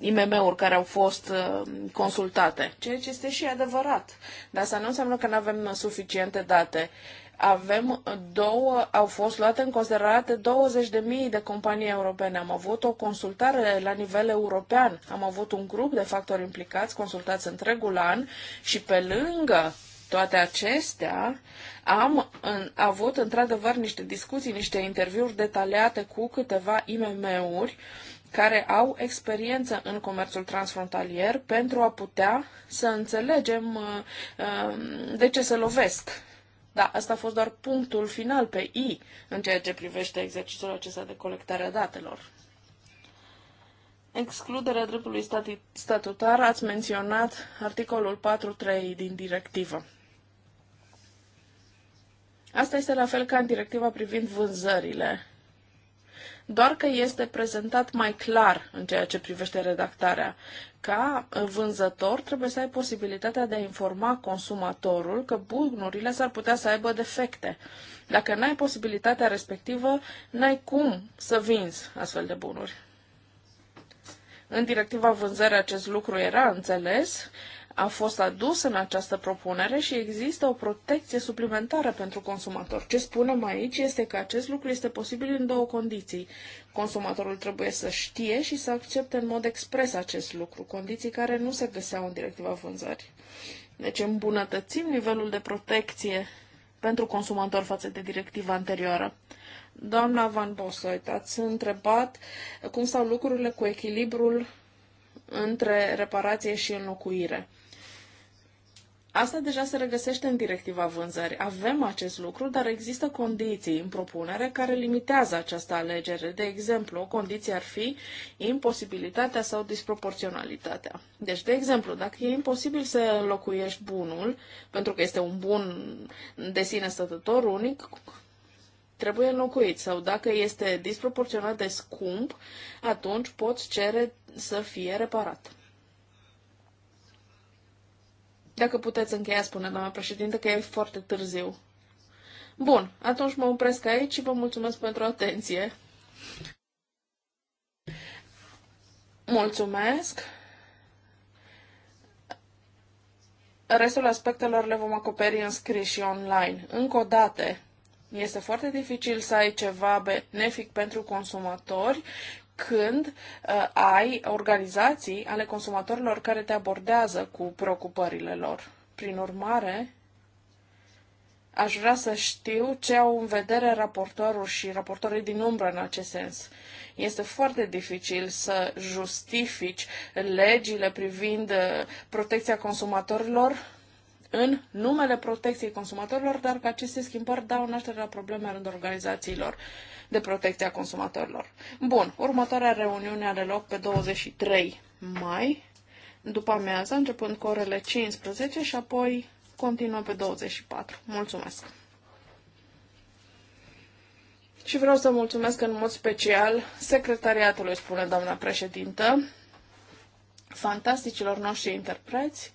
IMM-uri care au fost uh, consultate, ceea ce este și adevărat. Dar asta nu înseamnă că nu avem suficiente date. Avem două, au fost luate în considerate 20.000 de companii europene. Am avut o consultare la nivel european. Am avut un grup de factori implicați, consultați întregul an și pe lângă toate acestea, am în, avut într-adevăr niște discuții, niște interviuri detaliate cu câteva IMM-uri care au experiență în comerțul transfrontalier pentru a putea să înțelegem uh, um, de ce se lovesc. Da, asta a fost doar punctul final pe I în ceea ce privește exercițiul acesta de colectare a datelor. Excluderea dreptului statutar, ați menționat articolul 4.3 din directivă. Asta este la fel ca în directiva privind vânzările doar că este prezentat mai clar în ceea ce privește redactarea. Ca uh, vânzător trebuie să ai posibilitatea de a informa consumatorul că bunurile s-ar putea să aibă defecte. Dacă n-ai posibilitatea respectivă, n-ai cum să vinzi astfel de bunuri. În directiva vânzării acest lucru era înțeles, a fost adusă în această propunere și există o protecție suplimentară pentru consumator. Ce spunem aici este că acest lucru este posibil în două condiții. Consumatorul trebuie să știe și să accepte în mod expres acest lucru, condiții care nu se găseau în directiva vânzării. Deci îmbunătățim nivelul de protecție pentru consumator față de directiva anterioară. Doamna Van Bosoit, ați întrebat cum stau lucrurile cu echilibrul între reparație și înlocuire. Asta deja se regăsește în directiva vânzări. Avem acest lucru, dar există condiții în propunere care limitează această alegere. De exemplu, o condiție ar fi imposibilitatea sau disproporționalitatea. Deci, de exemplu, dacă e imposibil să locuiești bunul, pentru că este un bun de sine stătător unic, trebuie înlocuit sau dacă este disproporționat de scump, atunci poți cere să fie reparat. Dacă puteți încheia, spune doamna președinte, că e foarte târziu. Bun, atunci mă opresc aici și vă mulțumesc pentru atenție. Mulțumesc. Restul aspectelor le vom acoperi în scris și online. Încă o dată, este foarte dificil să ai ceva benefic pentru consumatori când uh, ai organizații ale consumatorilor care te abordează cu preocupările lor. Prin urmare, aș vrea să știu ce au în vedere raportorul și raportorii din umbră în acest sens. Este foarte dificil să justifici legile privind uh, protecția consumatorilor în numele protecției consumatorilor, dar că aceste schimbări dau naștere la probleme în rândul organizațiilor de protecție a consumatorilor. Bun, următoarea reuniune are loc pe 23 mai, după amiază, începând cu orele 15 și apoi continuă pe 24. Mulțumesc! Și vreau să mulțumesc în mod special secretariatului, spune doamna președintă, fantasticilor noștri interpreți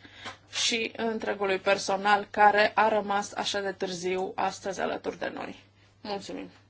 și întregului personal care a rămas așa de târziu astăzi alături de noi. Mulțumim!